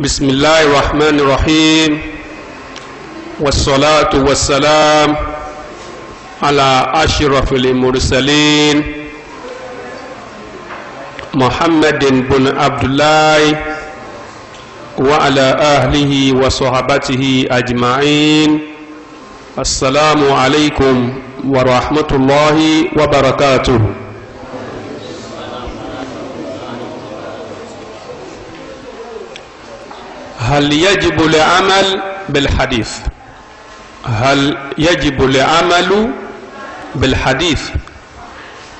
بسم الله الرحمن الرحيم والصلاة والسلام على أشرف المرسلين محمد بن عبد الله وعلى أهله وصحبته أجمعين السلام عليكم ورحمة الله وبركاته هل يجب العمل بالحديث هل يجب العمل بالحديث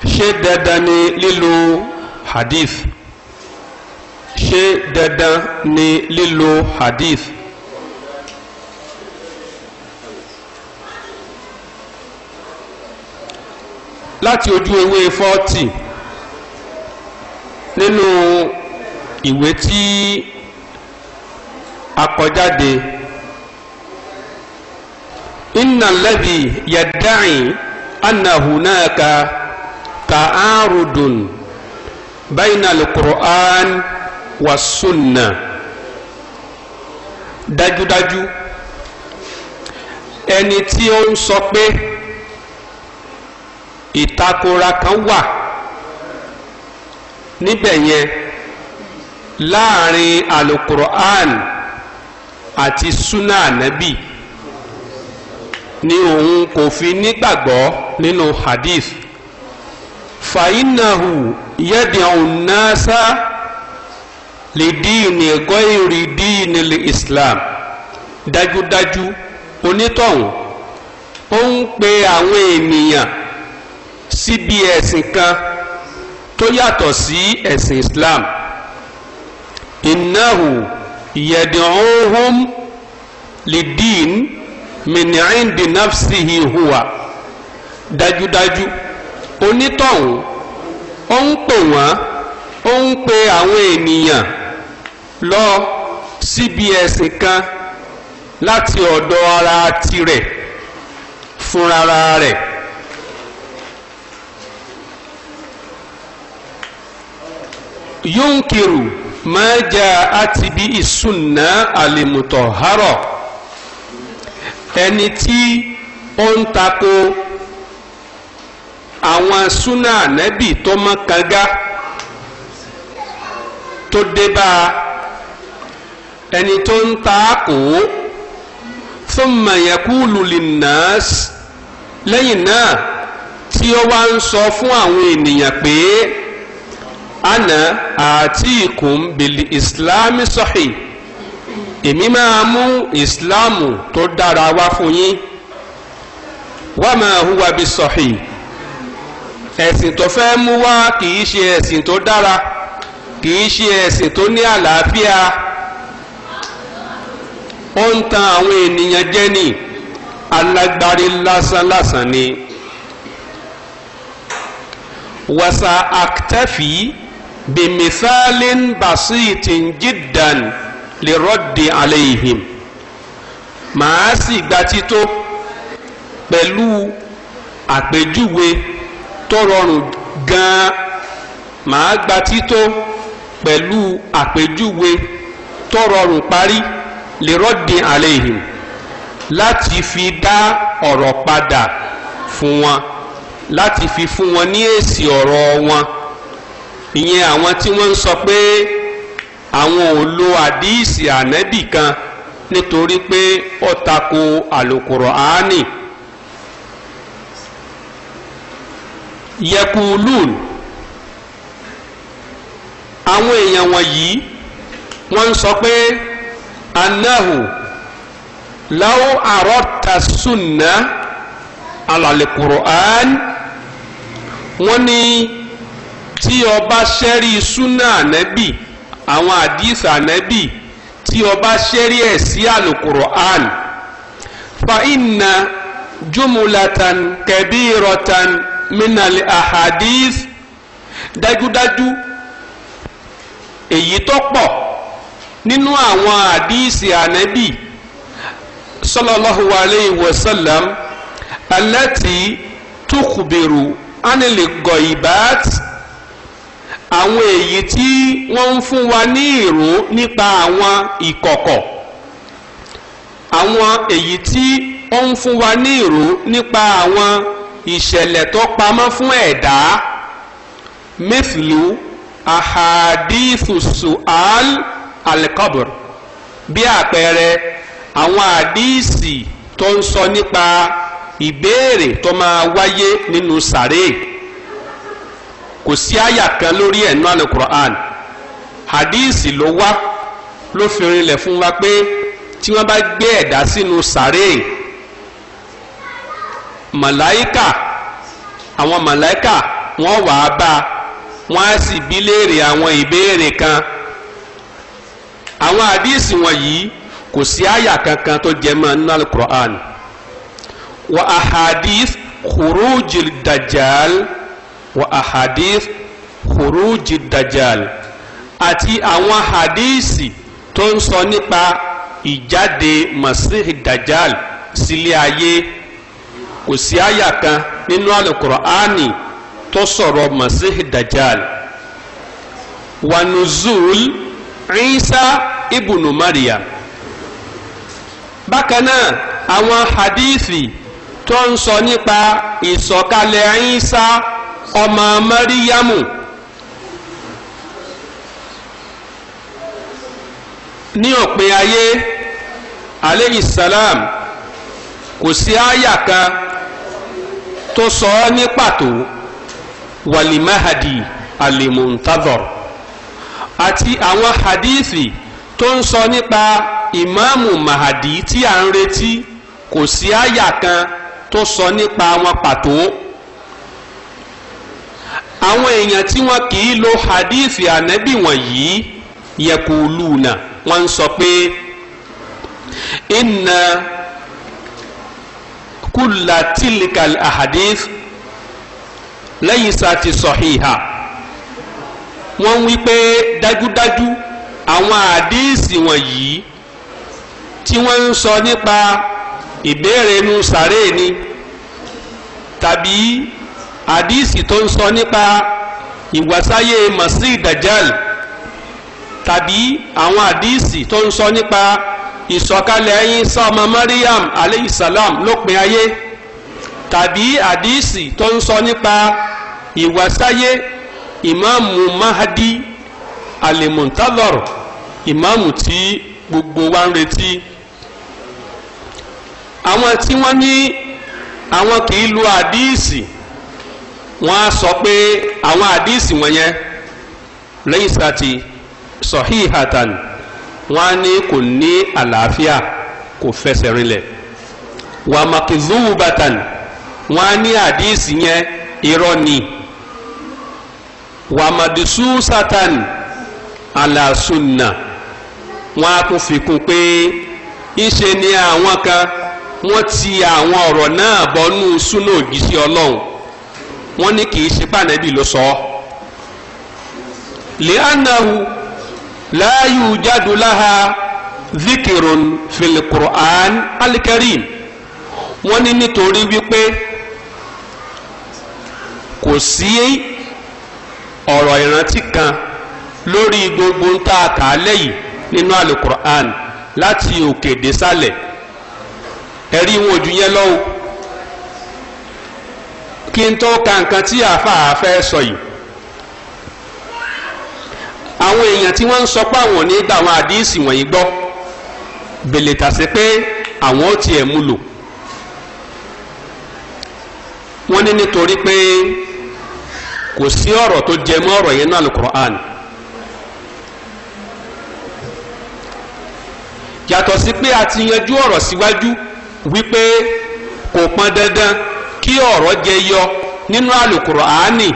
ṣé dandan ni lílo hadith ṣé dandan ni lílo hadith láti ojú ewé fọ́tì nínú ìwé tí akọjáde inna alladhi yadda'i anna hunaka ta'arudun bayna al-Qur'an wa sunnah dájúdájú ẹni tí ó ń sọ pé ìtakora kan wà níbẹ̀ yẹn láàrin alukur'an àti súnà ànábì ni òun kò fi nígbàgbọ́ nínú hadith fàyínàhù yẹ́dìàn náṣá lè díìnì ẹ̀gọ́ ìrì díìnì lè islam dájúdájú onítọ̀hún ó ń pe àwọn ènìyàn síbi ẹ̀sìn kan tó yàtọ̀ sí ẹ̀sìn islam ìnáhù yẹ̀dìhóhùn lidin mìnìrìndì nafsihi huwa dájúdájú onítọ̀hún ó ń pè wọ́n ó ń pe àwọn ènìyàn lọ síbi ẹ̀sìn kan láti ọ̀dọ̀ ara tirẹ̀ fúnra rẹ̀. yunkiru mẹ́jà àti bí ìsúná àlèmùtọ̀ hárọ̀ ẹni tí ó ń tako àwọn súnà ànẹ́bì tó mọ́ kanga tó dé bá ẹni tó ń taako thumma yakulu linnas lẹ́yìn náà tí ó wá ń sọ fún àwọn ènìyàn pé ana àtìkùn bìlì ìsìlámì sọ́hì èmi máa mú ìsìlámù tó dára wá fún yín wá máa hùwà bí sọ́hì ẹ̀sìn tó fẹ́ mú wá kì í ṣe ẹ̀sìn tó dára kì í ṣe ẹ̀sìn tó ní àlàáfíà ó ń tan àwọn ènìyàn jẹ ni alágbárí lásán lásán ni wàsà àkẹ́fì. بمثال بسيط جدا لرد عليهم màá sì gba tító pẹ̀lú àpèjúwe tó rọrùn gan-an màá gba tító pẹ̀lú àpèjúwe tó rọrùn parí lèrọ́dì àlẹ́yìn láti fi dá ọ̀rọ̀ padà fún wọn láti fi fún wọn ní èsì ọ̀rọ̀ wọn ìyẹn àwọn tí wọ́n ń sọ pé àwọn ò lo àdíìsì ànẹ́bì kan nítorí pé ó tako àlùkùránì yẹkulùn àwọn èèyàn wọ̀nyí wọ́n ń sọ pé anahu law arọ́ta sunna alalẹ̀ kùrọ̀án wọ́n ní tí ọba ṣẹ́rí súnà ànẹ́bì àwọn àdìs ànẹ́bì tí ọba ṣẹ́rí ẹ̀ sí àlùkùránì fa inna jumulatan kabiratan minali ahadis dájúdájú èyí tó pọ̀ nínú àwọn àdìsí ànẹ́bì sallallahu alayhi wa sallam alati tukubiru aniligoibat àwọn èyí tí wọ́n ń fún wa ní ìró nípa àwọn ìkọ̀kọ̀ àwọn èyí tí ó ń fún wa ní ìró nípa àwọn ìṣẹ̀lẹ̀ tó pamọ́ fún ẹ̀dá mithlu ahadithu al-qabr bí àpẹẹrẹ àwọn àdíìsì tó ń sọ nípa ìbéèrè tó máa wáyé nínú sàréè kò sí àyà kan lórí ẹ̀ nínú alukur'an hadíìsì ló wá ló fi rinlẹ̀ fún wa pé tí wọ́n bá gbé ẹ̀dá sínú sàréè màláíkà àwọn màláíkà wọ́n wàá bá a wọ́n á sì bí léèrè àwọn ìbéèrè kan àwọn àdíìsì wọ̀nyí kò sí àyà kankan tó jẹ mọ́ nínú alukur'an wa ahadith khurujil dajal wa ahadith khuruji dajjal àti àwọn hadisi tó ń sọ nípa ìjáde masih dajjal sílé ayé kò sí àyà kan nínú alukur'ani tó sọ̀rọ̀ masih dajjal wa nuzul isa ibnu maryam bákan àwọn hadisi tó ń sọ nípa ìsọ̀kalẹ̀ isa ọmọ mẹríyàmù ní òpin ayé aleyhi salam kò sí àyà kan tó sọ ọ́ ní pàtó walimahadi alimuntador àti àwọn hadithi tó ń sọ nípa ìmáàmù mahadi tí à ń retí kò sí àyà kan tó sọ nípa wọn pàtó. àwọn èèyàn tí wọn kì í lo hadith ànábì wọ̀nyí yẹkùlùnà wọ́n wọn sọ pé inna kulla tilkal ahadith laysati sahiha wọ́n wí pé dájúdájú àwọn àdíìsì wọ̀nyí tí wọ́n ń sọ nípa ìbéèrè inú sàréè tàbí àdíìsì tó ń sọ nípa ìwàsáyé masih dajjal tàbí àwọn àdíìsì tó ń sọ nípa ìsọ̀kalẹ̀ Ìsá ọmọ Maryam aleyhisselam lópin ayé tàbí àdíìsì tó ń sọ nípa ìwàsáyé ìmáàmù mahadi alimuntador ìmáàmù tí gbogbo wa ń retí àwọn tí wọ́n ní àwọn kì í lu àdíìsì. wọ́n a sọ pé àwọn àdíìsì wọ̀nyẹn lẹ́yìn sátì sọ̀híhàtàn wọ́n á ní kò ní àlàáfíà kò fẹsẹ̀ rinlẹ̀ wà màkìzúwùbàtàn wọ́n á ní àdíìsì yẹn irọ́ ni wà màdìsúsàtàn àlàsùnà wọ́n á tún fi pé ńṣe ni àwọn kan wọ́n ti àwọn ọ̀rọ̀ náà bọ́nú súnà òjíṣẹ́ ọlọ́run wọ́n ní kì í ṣe pànẹ́bì ló sọ ọ́ li'annahu la yujadu laha zikirun fil Qur'an al-Karim wọ́n ní nítorí wípé kò sí ọ̀rọ̀ ìrántí kan lórí gbogbo ń tá a lẹ́yìn nínú al-Qur'an láti òkè désàlẹ̀ ẹ̀rí wọn ò ju yẹn lọ́wọ́ kí n tó ka nǹkan tí àáfàá fẹ́ sọ yìí àwọn èèyàn tí wọ́n ń sọ pé àwọn ò ní gba àwọn àdíìsì wọ̀nyí gbọ́ bèlè tàṣe pé àwọn ò tiẹ̀ mú lò wọ́n ní nítorí pé kò sí ọ̀rọ̀ tó jẹ mọ́ ọ̀rọ̀ yẹn náà Al-Qur'an yàtọ̀ sí pé a ti yanjú ọ̀rọ̀ síwájú wípé kò pọn dandan kí ọ̀rọ̀ jẹyọ nínú àlùkùránì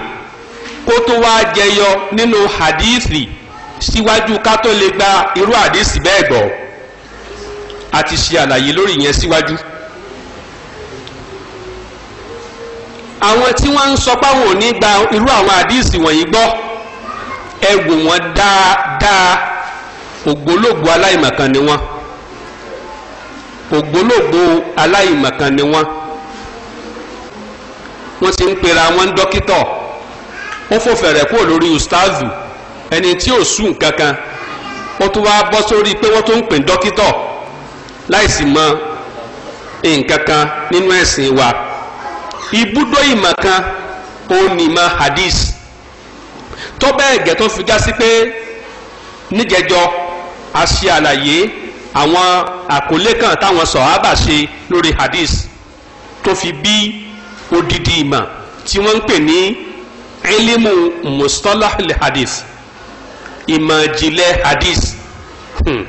kó tó wá jẹyọ nínú hadithi síwájú ká tó lè gba irú hadithi bẹ́ẹ̀ gbọ́ a ti ṣe àlàyé lórí yẹn síwájú. àwọn tí wọ́n ń sọ pé àwọn ò ní gba irú àwọn hadithi wọ̀nyí gbọ́ ẹ wò wọ́n dáadáa ògbólógbò aláìmọ̀kan ni wọ́n ògbólógbò aláìmọ̀kan ni wọ́n wọ́n ti ń pera wọn dókítọ̀ ó fò fẹ̀rẹ̀ kúrò lórí ustazu ẹni tí ò sùn kankan ó tún wá bọ́ sórí pé wọ́n tó ń pè dókítọ̀ láìsí mọ nǹkan kan nínú ẹ̀sìn wa ibùdó ìmọ̀ kan ó ní mọ hadith tó bẹ́ẹ̀ gẹ́ tó fi já sí pé níjẹjọ a ṣe àlàyé àwọn àkọlé kan táwọn sọ̀hábà ṣe lórí hadith tó fi bí odidi ìmọ̀ tí wọ́n ń pè ní ilimu mustalah le hadith ìmọ̀ ìjìnlẹ̀ hadith hmm.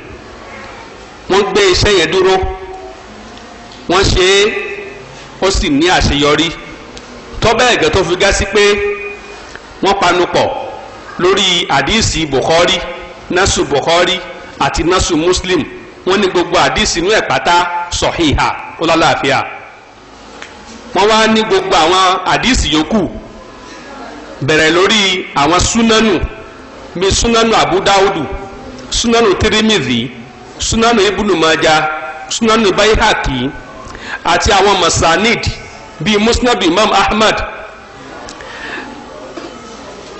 wọ́n gbé iṣẹ́ yẹn dúró wọ́n ṣe é ó sì ní àṣeyọrí tọ́bẹ̀ẹ̀gẹ́ tó fi gá sí pé wọ́n panupọ̀ lórí àdíìsì bukhari nasu bukhari àti nasu muslim wọ́n ní gbogbo àdíìsì inú ẹ̀ pátá sọ̀híhà ó lálàáfíà wọ́n wá ní gbogbo àwọn àdìsí yòókù bẹ̀rẹ̀ lórí àwọn súnánù bíi súnánù abudawudu súnánù tirimidhi súnánù ibùnùmájà súnánù bayihaki àti àwọn masanid bíi musnad imam ahmad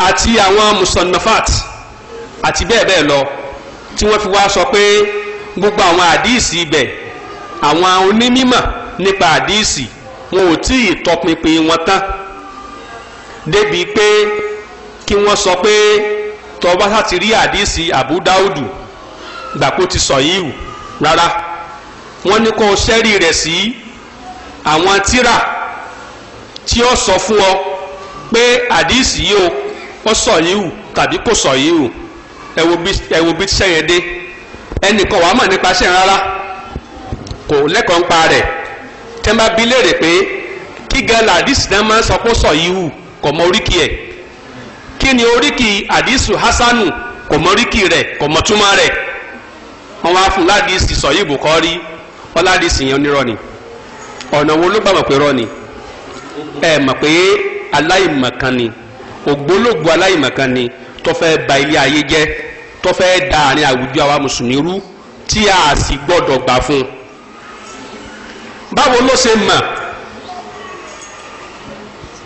àti àwọn musannafat àti bẹ́ẹ̀ bẹ́ẹ̀ lọ tí wọ́n fi wá sọ pé gbogbo àwọn àdìsí ibẹ̀ àwọn onímọ̀ nípa àdìsí wọn ò tí ì tọpinpin wọn tán débi pé kí wọ́n sọ pé tọba láti rí àdísì Abu Dáúdù gbàpò ti sọ yìí rárá wọ́n ní kó o ṣẹ́rí rẹ̀ sí àwọn tírà tí ó sọ fún ọ pé àdísì yìí o ó sọ yìí o tàbí kò sọ yìí o ẹ wo bí tíṣẹ́ dé ẹnìkan wàá mọ̀ nípa ṣẹ́ rárá kò lẹ́kọ̀ọ́ ń pa rẹ̀ tẹ́nba bi léèrè pé kí gan la àdìsí náà máa ń sọ kó sọ yìí hù kò mọ oríkì ẹ̀ kí ni oríkì àdìsù hasanu kò mọ oríkì rẹ̀ kò mọ túmọ̀ rẹ̀ wọ́n wá fún ládìsí sọ yìí bùkọ́rí wọ́n ládìsí yẹn onírọ́ ni ọ̀nà wo ló gbà pé rọ́ ẹ mọ̀ pé aláìmọ̀kan ni ògbólógbò aláìmọ̀kan ni tó fẹ́ ba ilé ayé jẹ́ tó fẹ́ da àárín àwùjọ àwa mùsùlùmí rú tí a sì gbọ́dọ̀ gbà fún un báwo ló ṣe mà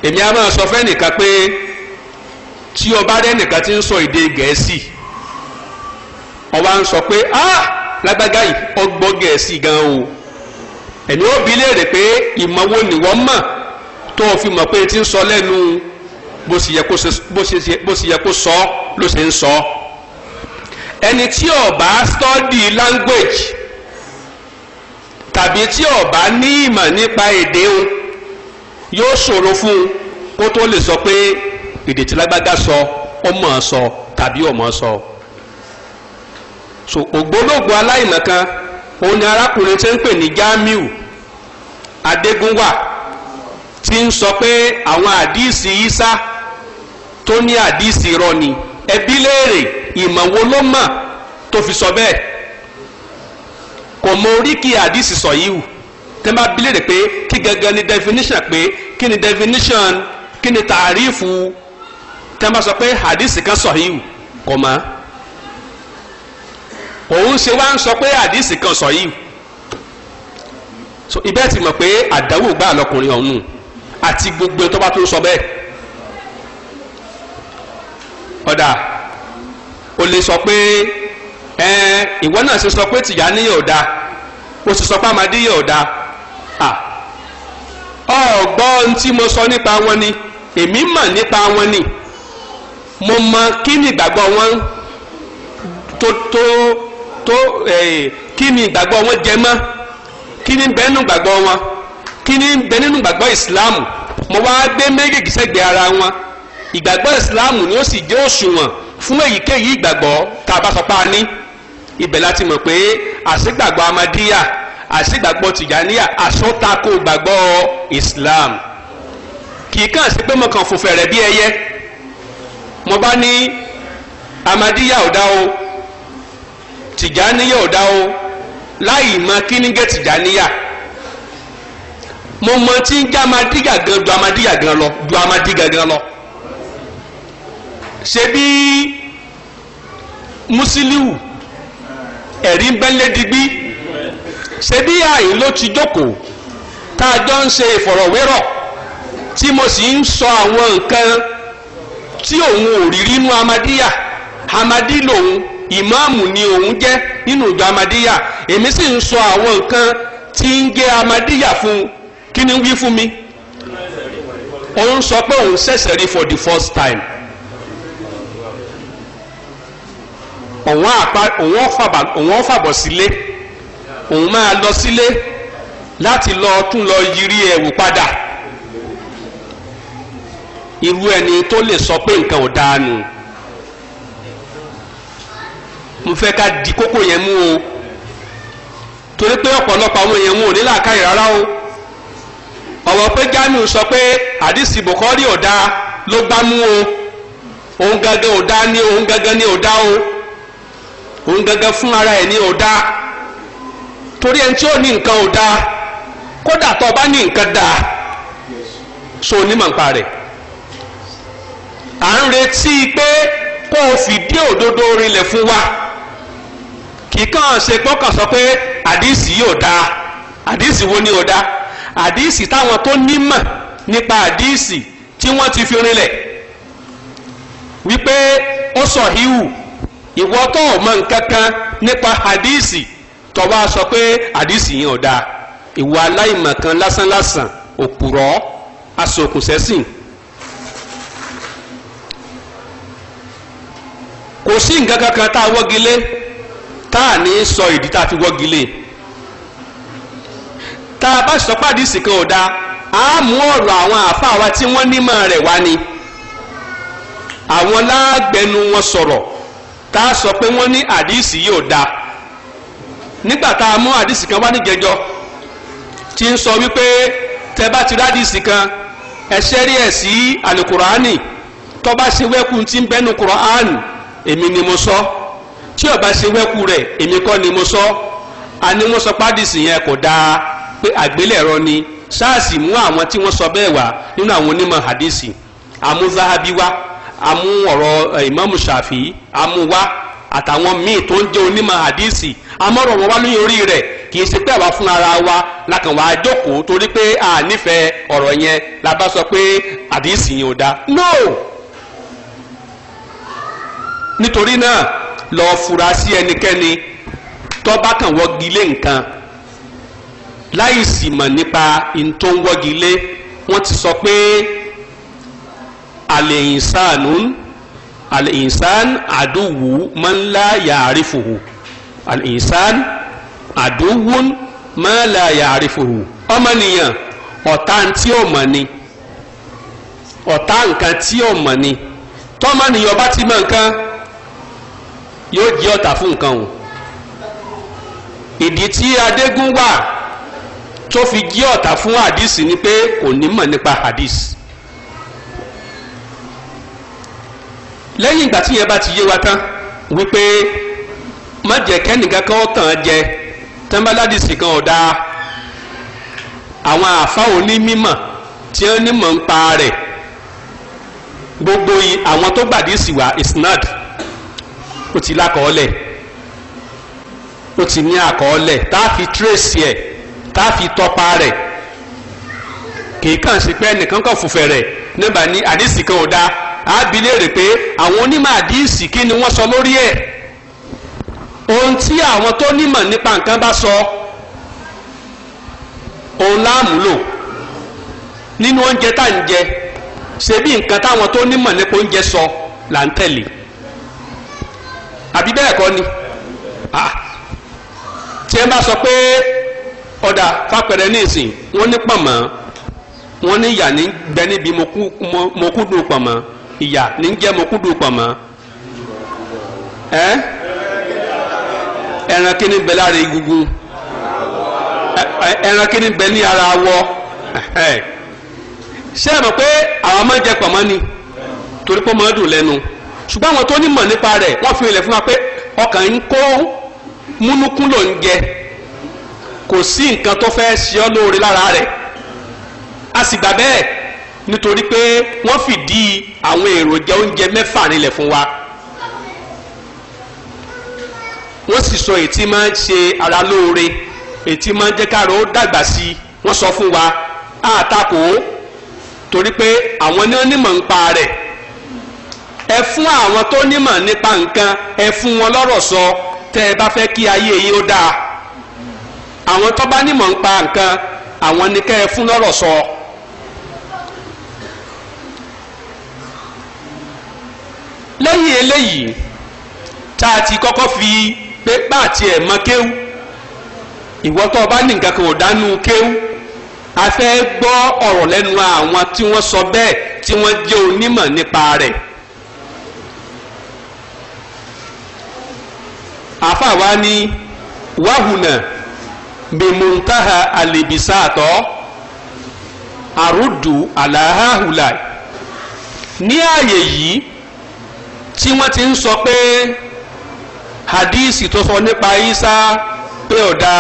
èmi a máa sọ fẹ́nìkan pé tí o bá rẹ́nìkan ti ń sọ èdè gẹ̀ẹ́sì ó wá ń sọ pé ah lágbága yìí ó gbọ́ gẹ̀ẹ́sì gan o èmi ó bi léèrè pé ìmọ̀ wo ni wọ́n mọ̀ tó o fi mọ̀ pé ti ń sọ lẹ́nu bó sì yẹ kó sọ ló ṣe ń sọ ẹni tí ó bá study language tàbí tí ó bá ní ìmọ̀ nípa èdè òun yóò ṣòro fún un kó tó lè sọ pé èdè tí lágbájá sọ ọmọ sọ tàbí ọmọ sọ so ògbólógbò aláìmọ̀kan òun ni arákùnrin tí ń pè ní Jamiu Adégúnwà tí ń sọ pé àwọn àdíìsì Isa tó ní àdíìsì irọ́ ni ẹbí léèrè ìmọ̀ wo ló mọ̀ tó fi sọ bẹ́ẹ̀ kò mọ oríkì àdìsí sọ yìí wù tẹ́ bá bi léèrè pé kí gangan ni definition pé kí ni definition kí ni tààrífù tẹ́ bá sọ pé àdìsí kan sọ yìí wù kò mọ́ òun ṣe wá ń sọ pé àdìsí kan sọ yìí wù so ibẹ̀ ti mọ̀ pé àdánwò gbà lọkùnrin ọ̀hún àti gbogbo tó bá tó sọ bẹ́ẹ̀ ọ̀dà o lè sọ pé ẹ̀ẹ́n ìwọ náà ṣe sọ pé tìyá níyà ò dáa o si sọ pé àmàdí yà ò ọ à ọ̀gbọ́ mo sọ nípa wọn ni èmi mọ̀ nípa wọn ni mo mọ kí ni ìgbàgbọ́ wọn tó tó tó kí ni wọn jẹ mọ́ kí ni bẹ́ẹ̀ wọn kí ni bẹ́ẹ̀ nínú gbàgbọ́ ìsìláàmù mo wá gbé méjèèjì ara wọn ìgbàgbọ́ ìsìláàmù ni ó sì jẹ́ òṣùwọ̀n fún èyíkéyìí ìgbàgbọ́ tá a bá sọ ibẹ̀ láti mọ̀ pé àṣìgbàgbọ́ amadíyà àṣìgbàgbọ́ tìjàníyà àsọtako gbàgbọ́ islam kì í kàn sí pé mo kàn fò fẹ̀rẹ̀ bí ẹyẹ mo bá ní amadíyà ò dá o tìjàníyà ò o láì mọ kínígẹ tìjàníyà mo mọ tí ń já amadíyà gan ju amadíyà gan lọ ju amadíyà gan lọ ṣe bí musiliu ẹ̀rí bẹ́ńlẹ̀ digbí bí àyè ló ti ṣe ìfọ̀rọ̀wérọ̀ tí mo sì ń sọ àwọn nǹkan tí òun ò rí nínú amadíyà amadí lòun ìmáàmù ni òun jẹ́ nínú ìjọ amadíyà èmi sì ń sọ àwọn nǹkan tí ń gé amadíyà fún kí ni wí mi òun sọ pé òun ṣẹ̀ṣẹ̀ for the first time. òun àpá òun ọ̀fàbọ̀ sílé òun máa lọ sílé láti lọ tún lọ yiri ẹ̀wù padà irú ẹni tó lè sọ pé nǹkan ò dáa nù mo fẹ́ ká di kókó yẹn mú o torí pé ọ̀pọ̀lọpọ̀ àwọn èèyàn wọn ò ní làákàyè rárá o ọ̀rọ̀ pé Jamiu sọ pé àdìsí Bukhari ò dáa ló gbámú o òun gangan ò dáa ní òun gangan ní ò dáa o òun gangan fún ara ẹ̀ ní ọ̀dá torí ẹni tí ó ní nǹkan ọ̀dá kódà tó bá ní nǹkan dáa so onímọ̀ nípa rẹ̀ à ń retí pé kó o fìdí òdodo rinlẹ̀ fún wa kì í kàn ṣe gbọ́kàn sọ pé àdìsí yóò dáa àdìsí wo ni ọ̀dá àdìsí táwọn tó nímọ̀ nípa àdìsí tí wọ́n ti fi rinlẹ̀ wípé ó sọ híhù ìwọ tó o mọ nǹkan kan nípa hadisi tó wá sọ pé hadísì yẹn ò dáa ìwọ aláìmọ̀ kan lásánlásán òpùrọ̀ asòkùnsẹ́sìn kò sí nǹkan kankan tá a wọ́gilé tá a ní sọ ìdí tá a fi wọ́gilé tá a bá sọ pé hadísì kan ò dáa a mú ọ̀rọ̀ àwọn àfa wa tí wọ́n nímọ̀ rẹ̀ wá ni àwọn lágbẹnu wọn sọ̀rọ̀ tá a sọ pé wọ́n ní àdìsí yóò da nígbà tá a mú àdìsí kan wá níjẹjọ tí ń sọ wípé tẹ bá ti rádìsí kan ẹ ṣẹ́rí ẹ̀ sí àlùkùránì tó bá ṣe wẹ́kùn tí ń bẹ́nu kùránì èmi ni mo sọ tí ó bá ṣe wẹ́kùn rẹ̀ èmi kọ́ ni mo sọ àní wọ́n sọ pádìsí yẹn kò dáa pé àgbélẹ̀rọ ni sáàsì mú àwọn tí wọ́n sọ bẹ́ẹ̀ wá nínú àwọn onímọ̀ àdìsí àmúzáhábí wá amú ọ̀rọ̀ eh, Imam Shafi'i amú wá àtàwọn míì tó ń jẹ́ onímọ̀ hadisi amọ̀rọ̀ wọn wá lóyún orí rẹ̀ kì í ṣe pé àwa fúnra ara wa la wá jókòó torí pé a nífẹ̀ẹ́ ọ̀rọ̀ yẹn la bá sọ pé hadisi yẹn ò dáa no nítorí náà lọ fura sí ẹnikẹ́ni tó bá kàn wọ́gi lé nǹkan láì sì mọ̀ nípa ntó wọ́gi lé wọ́n ti sọ pé al-insanu al-insan aduwu man la ya'rifuhu al-insan aduwun man la ya'rifuhu ọmọnìyàn ọ̀tá tí ó mọ̀ ni ọ̀tá nǹkan tí ó mọ̀ ni tọ́mọnìyàn bá ti mọ̀ nǹkan yóò jẹ́ ọ̀tá fún nǹkan o ìdí tí adégún wà tó fi jẹ́ ọ̀tá fún hadith ni pé kò ní mọ̀ nípa hadith lẹ́yìn ìgbà tí yẹn bá ti yé wa tán wípé má jẹ́ kẹ́nìkan kan tàn án jẹ tẹ́ḿbàládìsì kan ọ̀dà àwọn àfa onímọ̀ tí wọ́n ní mọ̀ ń pa rẹ̀ gbogbo àwọn tó gbàdísì wá isnad ó ti lákọọ́lẹ̀ ó ti ní àkọọ́lẹ̀ tá a fi trace ẹ̀ tá a fi tọpa rẹ̀ kì í kàn sí pé ẹnìkan kan fòfẹ̀ rẹ̀ nígbà ní àdísì kan ò á bi léèrè pé àwọn onímọ̀ àdíìsì kí ni wọ́n sọ lórí ẹ̀ ohun tí àwọn tó nímọ̀ nípa nǹkan bá sọ òun láàmúlò nínú oúnjẹ tá à ń jẹ ṣebí nǹkan táwọn tó nímọ̀ nípa oúnjẹ sọ là ń tẹ̀lé àbí bẹ́ẹ̀ kọ́ ni tí ẹ bá sọ pé ọ̀dà fapẹ̀rẹ̀ ní ìsìn wọ́n ní pọ̀nmọ́ wọ́n ní ìyá ní gbẹ níbi mo kú dùn pọ̀nmọ́ ìyà ní jẹ́ mokudu pọ̀mọ́ ẹ́ ẹran kíní bẹ lára egungun ẹran kíní bẹ ní ara awọ ṣé ẹ mọ̀ pé àwọn máa ń jẹ pọ̀mọ́ ni torí pé máa ń dùn lẹ́nu ṣùgbọ́n àwọn tó mọ̀ nípa rẹ̀ wọ́n fi ilẹ̀ fún wa pé ọkàn ń kó múnukún ló ń jẹ kò sí nǹkan tó fẹ́ ṣe ọ́ lóore lára rẹ̀ a sì gbà bẹ́ẹ̀ nítorí pé wọ́n fìdí àwọn èròjà oúnjẹ mẹ́fà nílẹ̀ fún wa wọ́n sì sọ ètí máa ń ṣe ara lóore ètí máa ń jẹ́ káàró dàgbà sí i wọ́n sọ fún wa àtakò torí pé àwọn ní onímọ̀ ń pa rẹ̀ ẹ fún àwọn tó nímọ̀ nípa nǹkan ẹ fún wọn lọ́rọ̀ sọ tẹ́ ẹ bá fẹ́ kí ayé yìí ó dáa àwọn tó bá nímọ̀ ń pa nǹkan àwọn ni kẹ́ ẹ fún lọ́rọ̀ sọ. So lẹ́yìn eléyìí tá a ti kọ́kọ́ fi pé bá a tiẹ̀ mọ kéwú ìwọ tó o bá ní nǹkan kan ò dánú kéwú a fẹ́ gbọ́ ọ̀rọ̀ lẹ́nu àwọn tí wọ́n sọ bẹ́ẹ̀ tí wọ́n jẹ́ onímọ̀ nípa rẹ̀. àfa wa ni wàhùnà bèmùntáhà àlèbìsáàtọ̀ àrùdù àlàáhùlà ní ààyè yìí tí wọ́n ti ń sọ pé hadisi tó sọ nípa Isa pé ọ̀dà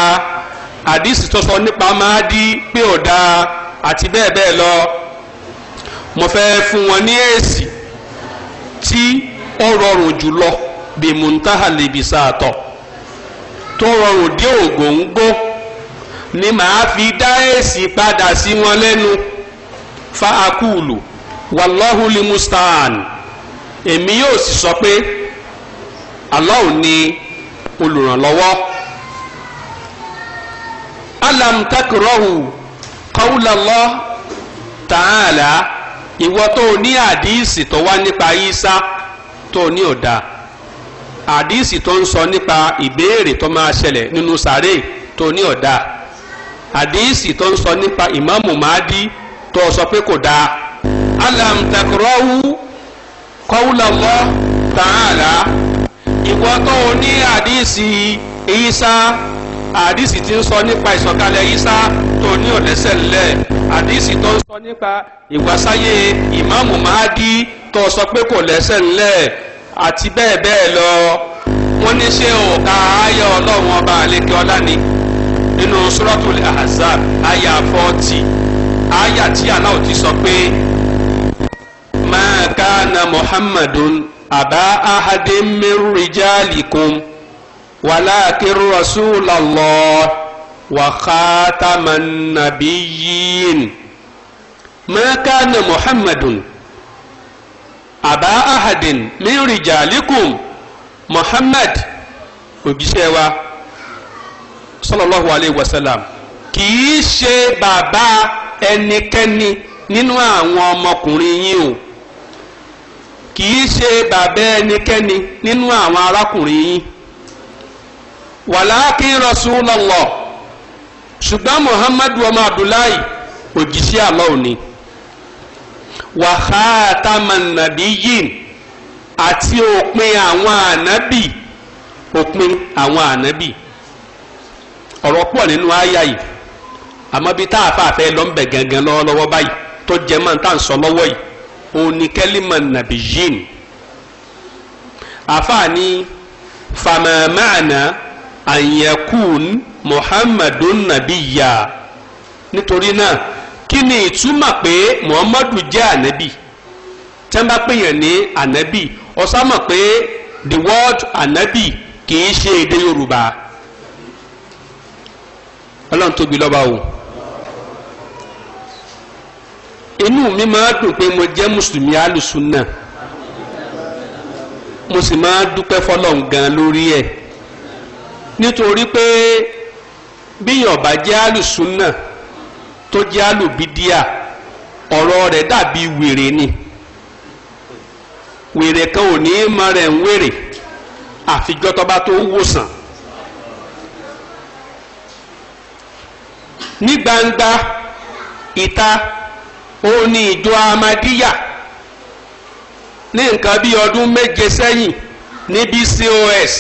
hadisi tó sọ nípa Mahdi pé ọ̀dà àti bẹ́ẹ̀ bẹ́ẹ̀ lọ mo fẹ́ fún wọn ní èsì tí ó rọrùn jùlọ bí muntaha libisa àtọ̀ tó rọrùn dé ògòǹgò ni màá fi dá èsì padà sí wọn lẹ́nu fa akúlù wàlọ́hùn limustaan èmi yóò sì sọ pé Allah ni olùrànlọ́wọ́ alam takrahu qawlallah ta'ala ìwọ tó o ní àdíìsì tó wá nípa Ìsá tó o ní ọ̀dà àdíìsì tó ń sọ nípa ìbéèrè tó máa ṣẹlẹ̀ nínú sàárè tó o ní ọ̀dà àdíìsì tó ń sọ nípa ìmáàmù tó o sọ pé kò dáa alam kọ́wúlọ́lọ́ tààlà ìwọ tó o ní àdìsí ìyísá àdìsí tí ń sọ nípa ìsọ̀kalẹ̀ ìyísá tó ní ọ̀lẹ́sẹ̀ lẹ̀ àdìsí tó ń sọ nípa ìwásáyé ìmáàmù Mahdi tó sọ pé kò lẹ́sẹ̀ ńlẹ̀ àti bẹ́ẹ̀ bẹ́ẹ̀ lọ wọ́n ní ṣé òǹkà ayé ọlọ́run ọba àlekè ọlá ni nínú suratul ahzab aya forty aya tí aláwọ̀ ti sọ pé. ما كان محمد أبا أحد من رجالكم ولكن رسول الله وخاتم النبيين ما كان محمد أبا أحد من رجالكم Muhammad òjíṣẹ́ wa sallallahu alayhi wa sallam kì í ṣe bàbá ẹnikẹ́ni nínú àwọn ọmọkùnrin yín o. kì í ṣe bàbá ẹnikẹ́ni nínú àwọn arákùnrin yín wàláàkín Rasulullah ṣùgbọ́n Muhammadu ọmọ Abdullahi òjíṣẹ́ Allah ni wa khataman nabiyyin àti òpin àwọn ànábì òpin àwọn ànábì ọ̀rọ̀ pọ̀ nínú àyà yìí àmọ́ bí tá a fà fẹ́ lọ́nbẹ̀ gangan lọ́wọ́lọ́wọ́ báyìí tó jẹ́ mọ́ tá ń sọ lọ́wọ́ yìí onikẹ́límà nàbíyìn àfààní fàmàmáàna àyẹ̀kùn muhammadun nàbíyà nítorí náà kí ni ìtumọ̀ pé muhammadu jẹ́ ànábì tí wọ́n ní ànábì ọ̀sán pé the word ànábì kì í ṣe èdè yorùbá ọlọ́run tóbi lọ́ba o inú mi máa dùn pé mo jẹ́ mùsùlùmí alùsùnà mo sì máa dúpẹ́ fọlọ́n gan lórí ẹ̀ nítorí pé bíyàn bá jẹ́ alùsùnà tó jẹ́ alùbídíà ọ̀rọ̀ rẹ̀ dàbí wèrè ni wèrè kan ò ní mọ rẹ̀ ń wèrè àfijọ́ tó bá tó wòsàn ní gbangba ìta òun ni ìjọ amadíyà ní nǹkan bí ọdún méje sẹ́yìn ní BCOS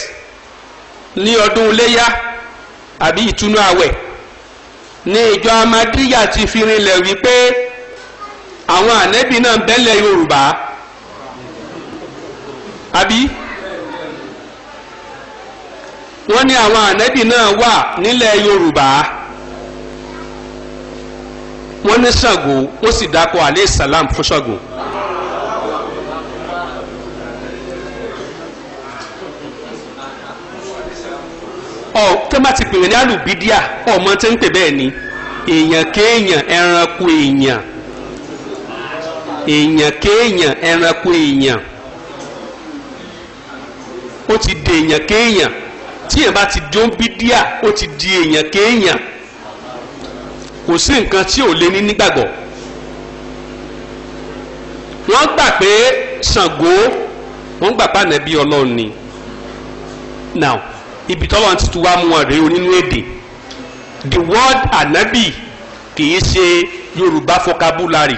ní ọdún iléyà àbí ìtúnú àwẹ̀ ní ìjọ amadíyà ti fi rinlẹ̀ wípé àwọn ànẹ́bí náà bẹ́lẹ̀ Yorùbá àbí wọ́n ní àwọn ànẹ́bí Yorùbá. wọ́n ní Ṣàngó wọ́n sì dákọ̀ alẹ́ salam fún Ṣàngó. ọ tẹ́lá ti pèrè ní alùbídíà ọmọ tí ń pè bẹ́ẹ̀ ni èèyàn kéèyàn ẹranko èèyàn èèyàn kéèyàn ẹranko èèyàn ó ti di èèyàn kéèyàn tí èèyàn bá ti di bídíà ó ti di èèyàn kéèyàn kò sí nǹkan tí ò lè ní nígbàgbọ́ wọ́n gbà pé Ṣàngó wọ́n gbà pé ànábì Ọlọ́run ni now ibi tọ́lọ́run ti tu wá mú wọn rèé o èdè the word ànábì kì í ṣe Yorùbá vocabulary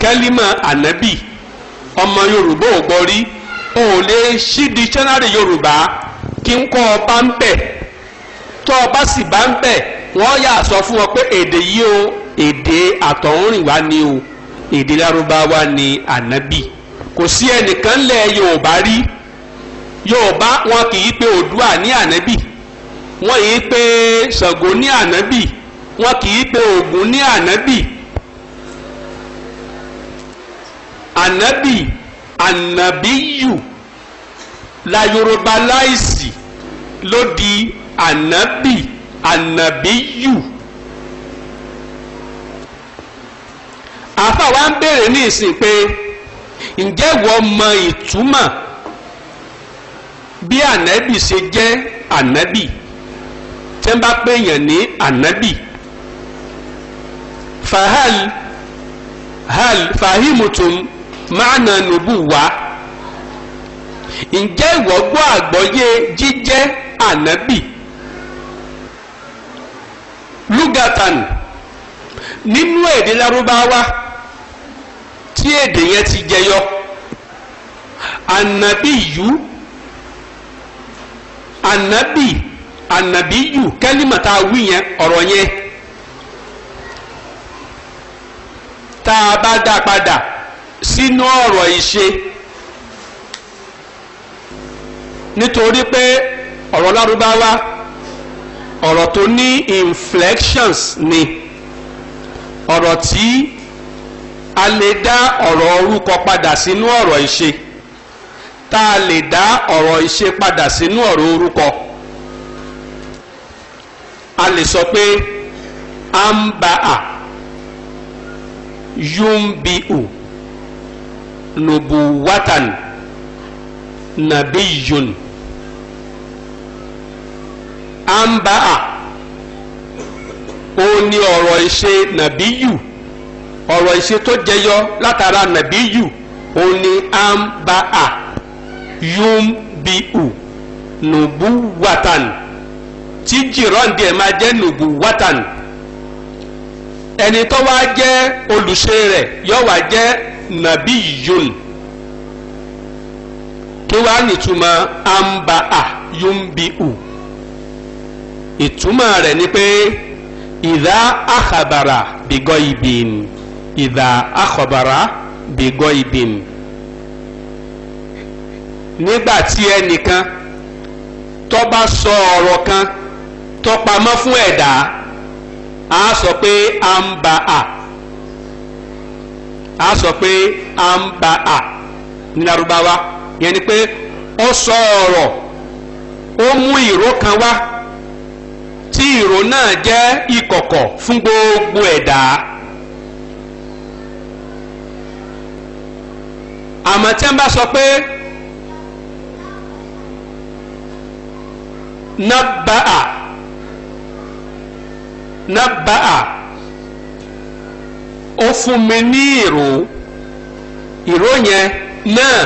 kẹ́límà ànábì ọmọ Yorùbá ò gbọ́ rí o ò lè ṣí dictionary Yorùbá kí n kọ́ ọ bá ń bẹ̀ tọ́ ọ bá sì bá ń bẹ̀ wọ́n yà sọ fún wọn pé èdè yìí o èdè àtọ̀húnrìnwá ni o èdè lárúbáwá ni ànábì kò sí ẹnìkan lẹ̀ yorùbá rí yorùbá wọn kì í pe òdúà ní ànábì wọn yìí pe ṣàngó ní ànábì wọn kì í pe ògún ní ànábì ànábì ànábìyù la yorùbá láìsí ló di ànábì ànàbíyù àfa wa ń béèrè ní ìsìn pé ǹjẹ́ ìwọ mọ ìtumọ̀ bí ànábì ṣe jẹ́ ànábì tí wọ́n bá pèèyàn ní ànábì fahal hal fahimutum maana nubuwa ǹjẹ́ ìwọ gbọ́ àgbọ́yé jíjẹ́ ànábì lugatan nínú èdè lárúbáwá tí èdè yẹn ti jẹyọ anabiyu anabi anabiyu kẹ́límọ̀tà wí yẹn ọ̀rọ̀ yẹn tá a bá dá padà sínú ọ̀rọ̀ ìṣe nítorí pé ọ̀rọ̀ lárúbáwá ọ̀rọ̀ tó ní inflections ni ọ̀rọ̀ tí a lè dá ọ̀rọ̀ orúkọ padà sínú ọ̀rọ̀ ìṣe tá a lè dá ọ̀rọ̀ ìṣe padà sínú ọ̀rọ̀ orúkọ a lè sọ pé ambaa yumbiu nubuwatan nabiyun anbaa òun ni ọ̀rọ̀ ìṣe nàbíyù ọ̀rọ̀ ìṣe tó jẹyọ látara nàbíyù òun ni anbaa yumbiu nùbú watan tí jìrọ̀ǹdì ẹ̀ máa jẹ́ nùbú watan ẹni tó wá jẹ́ olùṣe rẹ̀ yọ wá jẹ́ nàbíyùn kí wàá nìtumọ̀ anbaa yumbiu ìtumọ̀ rẹ̀ ni pé ìdá àkàbàrà bìgọ́ ìbìn ìdá àkàbàrà bìgọ́ ìbìn nígbà tí ẹnìkan tó bá sọ ọ̀rọ̀ kan tó fún ẹ̀dá a sọ pé a ń ba a a sọ pé a ń ba a ní Lárúbáwá yẹn ni pé ó sọ ọ̀rọ̀ ó mú ìró kan wá tí ìró náà jẹ́ ìkọ̀kọ̀ fún gbogbo ẹ̀dá. àmọ́ tí wọ́n bá sọ pé nabba'a nabba'a ó fún mi ní ìró ìró yẹn náà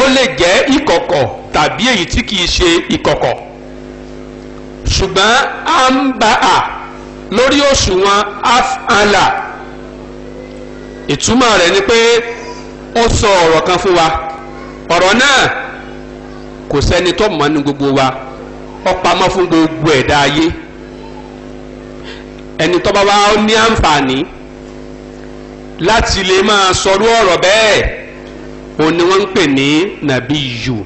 ó lè jẹ́ ìkọ̀kọ̀ tàbí èyí tí kìí ṣe ìkọ̀kọ̀ ṣùgbọ́n à ń bá a lórí òṣùwọ̀n afala ìtumọ̀ rẹ̀ ni pé ó sọ ọ̀rọ̀ kan fún wa ọ̀rọ̀ náà kò sẹ́ni tó mọ̀ ní gbogbo wa ó pamọ́ fún gbogbo ẹ̀dá ayé ẹni tó bá wá ó ní àǹfààní láti lè máa sọrú ọ̀rọ̀ bẹ́ẹ̀ òun ni wọ́n ń pè ní nàbíyù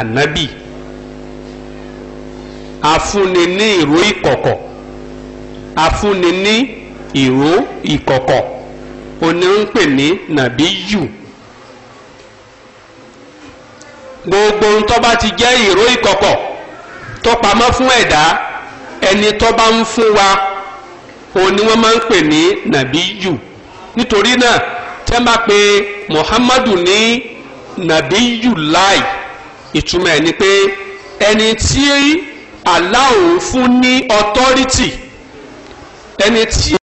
ànábì. afúnni ní ìró ìkọ̀kọ̀ afúnni ní ìró ìkọ̀kọ̀ òní ń pè ní nàbíyù gbogbo ohun tó bá ti jẹ́ ìró ìkọ̀kọ̀ tó pamọ́ fún ẹ̀dá ẹni tó bá ń fún wa wọ́n máa ń pè ní nítorí náà tẹ́ pe Muhammadu ní láì ìtumọ̀ ẹ̀ ni pé ẹni tí Allah ò fún ní authority ẹni tí